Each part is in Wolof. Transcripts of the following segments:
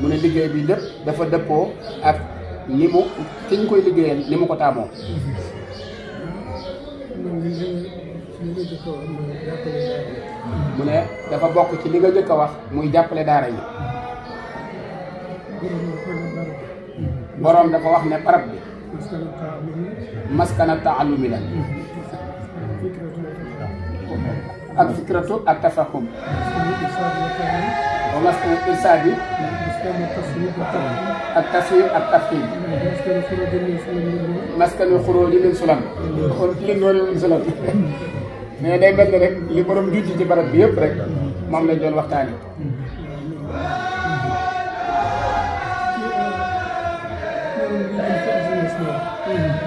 mu ne liggéey bi lépp dafa dëppoo ak ni mu ki ñu koy liggéeyal ni mu ko taamoo. mu ne dafa bokk ci li nga jëkk wax muy jàppale daara yi. boroom dafa wax ne barab bi. maskana taalumi la. ak fikratu ak tafahum ومسكن الإرشاد mais day mel ni rek li borom juuti ci barab bi yëpp rek moom lañ doon waxtaane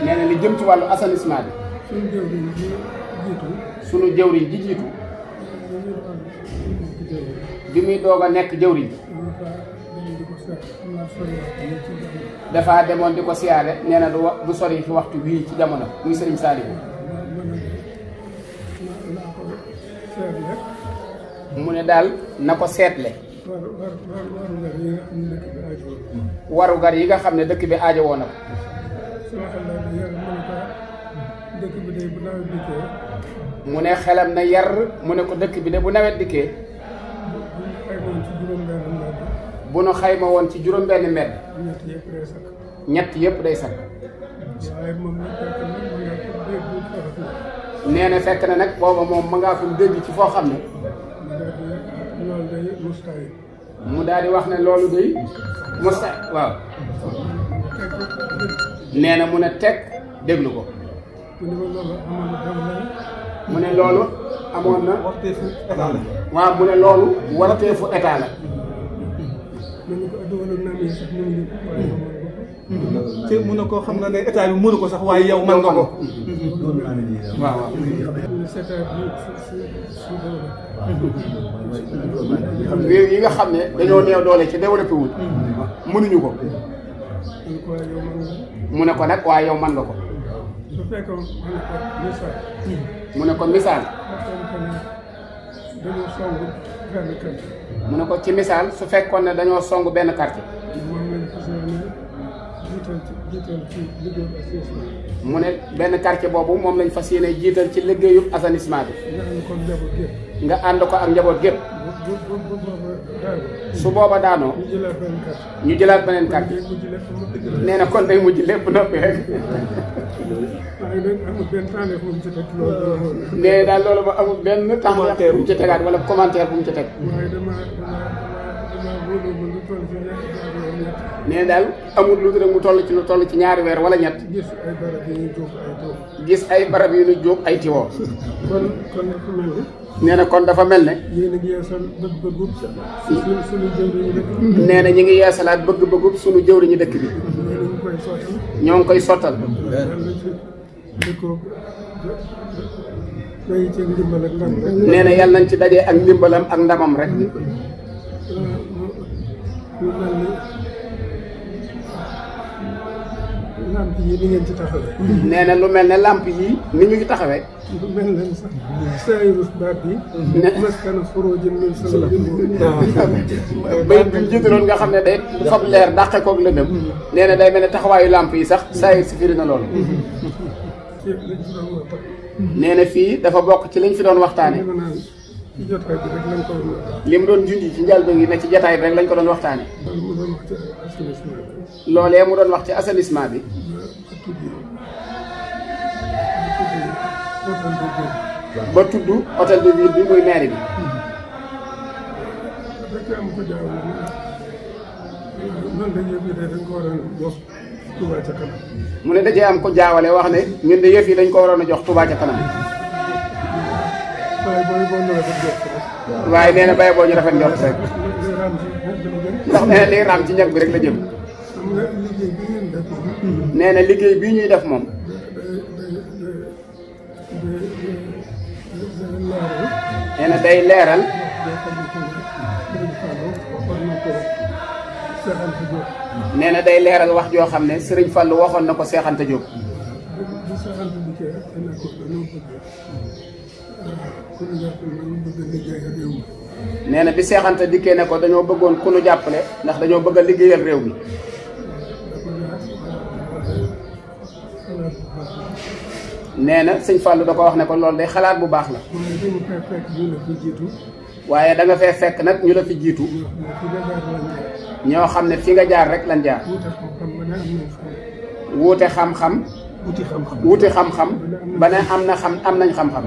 nee na li jëm ci wàllu assainissement bi sunu jëwriñ ji jiitu bi muy doog a nekk jëwriñ dafa demoon di ko siyaare nee na du wa du fi waxtu wii ci jamono muy mu ne daal na ko seetle warugar yi nga xam ne dëkk bi aajo woon na dëkk mu ne xelam na yar mu ne ko dëkk bi de bu nawet dikkee. bu nu xayma woon ci juróom-benn mbedd. ñett yëpp day sakk. nee na fekk na nag booba moom ma ngaa ko dégg ci foo xam ne. mu daal wax ne loolu day musta waaw. nee na mun a teg déglu ko. mu ne loolu amoon na. warteefu état la. waaw mu ne loolu warteefu état la. te mun na koo xam na ne état bi mënu ko sax waaye yow man nga ko. waaw waaw. yi nga xam ne dañoo néew doole ci développé wul. Mm-hmm. mënuñu ko. mu ne ko nag waaye yow man nga ko. su fekkoon mu ne ko misaal. mu ne ko ci misaal su fekkoon ne dañoo song benn quartier. mu ne benn quartier boobu moom lañ fas yéene jiital ci liggéeyub assainissement bi. nga ànd nga ànd ko ak njaboot gépp. su booba daanoo ñu jëlaat beneen carte nee na kon day mujj lépp noppi rek nee daal loolu ba amul benn temps bu mu ci tegaat wala commentaire bu mu ci teg nee daal amul lu dul mu toll ci lu toll ci ñaari weer wala ñett gis ay barab yu ñu jóg ay tiwoo kon kon nee na kon dafa mel ne. nee na ñu ngi yeesalaat bëgg-bëggub sunu jëwriñu dëkk bi. ñoo ngi koy sottal. nee na yàlla nañ ci dajee ak ndimbalam ak ndamam rek. lamp ngeen ci nee na lu mel ne làmp yi ni ñu ngi taxawee. lu mel ne sax saayiru baat bi. nga xam ne day fab leer dàqe koog lëndëm. nee day mel ne taxawaayu làmp yi sax saayir si firi na loolu. nee na fii dafa bokk ci liñ fi doon waxtaanee. li mu doon junj ci njëlbéen gi ne ci jataay bi rek lañ ko doon waxtaanee. loolee mu doon wax ci assainissement bi. ba tudd hôtel de ville bi muy maire bi. mu ne dajee am ko jaawale wax ne ñun de yëf yi dañ ko waroon a jox Touba ca kanam. waaye nee bay boo ñu rafet njort rek. ndax nee liy raam ci ñag bi rek la jëm. liggéey bii ñuy def moom. nee day leeral. nee na day leeral wax joo xam ne sëriñ Fallou waxoon na ko Cheikh Anta Diop. na bi seexante Anta dikkee ne ko dañoo bëggoon ku nu jàppale ndax dañoo bëgg a liggéeyal réew mi. nee na sëñ Fallou da ko wax ne ko loolu day xalaat bu baax la. waaye danga nga fee fekk nag ñu la fi jiitu. ñoo xam ne fi nga jaar rek lan jaar. wuute xam-xam. wuute xam-xam ba ne am na xam am nañ xam-xam.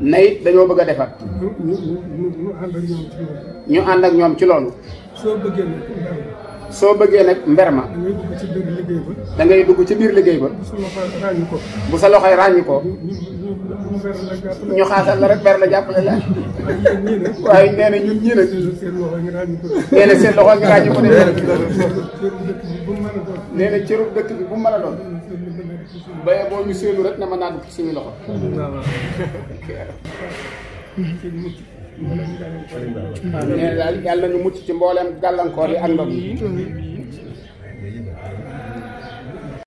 na dañoo bëgg a defar. ñu ànd ak ñoom ci loolu. soo bëggee nag mber ma. da dugg ci biir liggéey ba. da ngay dugg ci biir liggéey ba. bu sa loxoy ràññi ko. bu sa loxoy ràññi ñu xaasal la rek ber la jàppale la. waaye nee na ñun ñii nag. nee na seen loxo ngi ràññi ko de. na cërub dëkk bi bu mu mën doon. baye boo ñu séenu rek ne ma naan ci suñu loxo. waaw nee na daal yàlla na mucc ci mboolem gàllankoor yi ak ndox yi.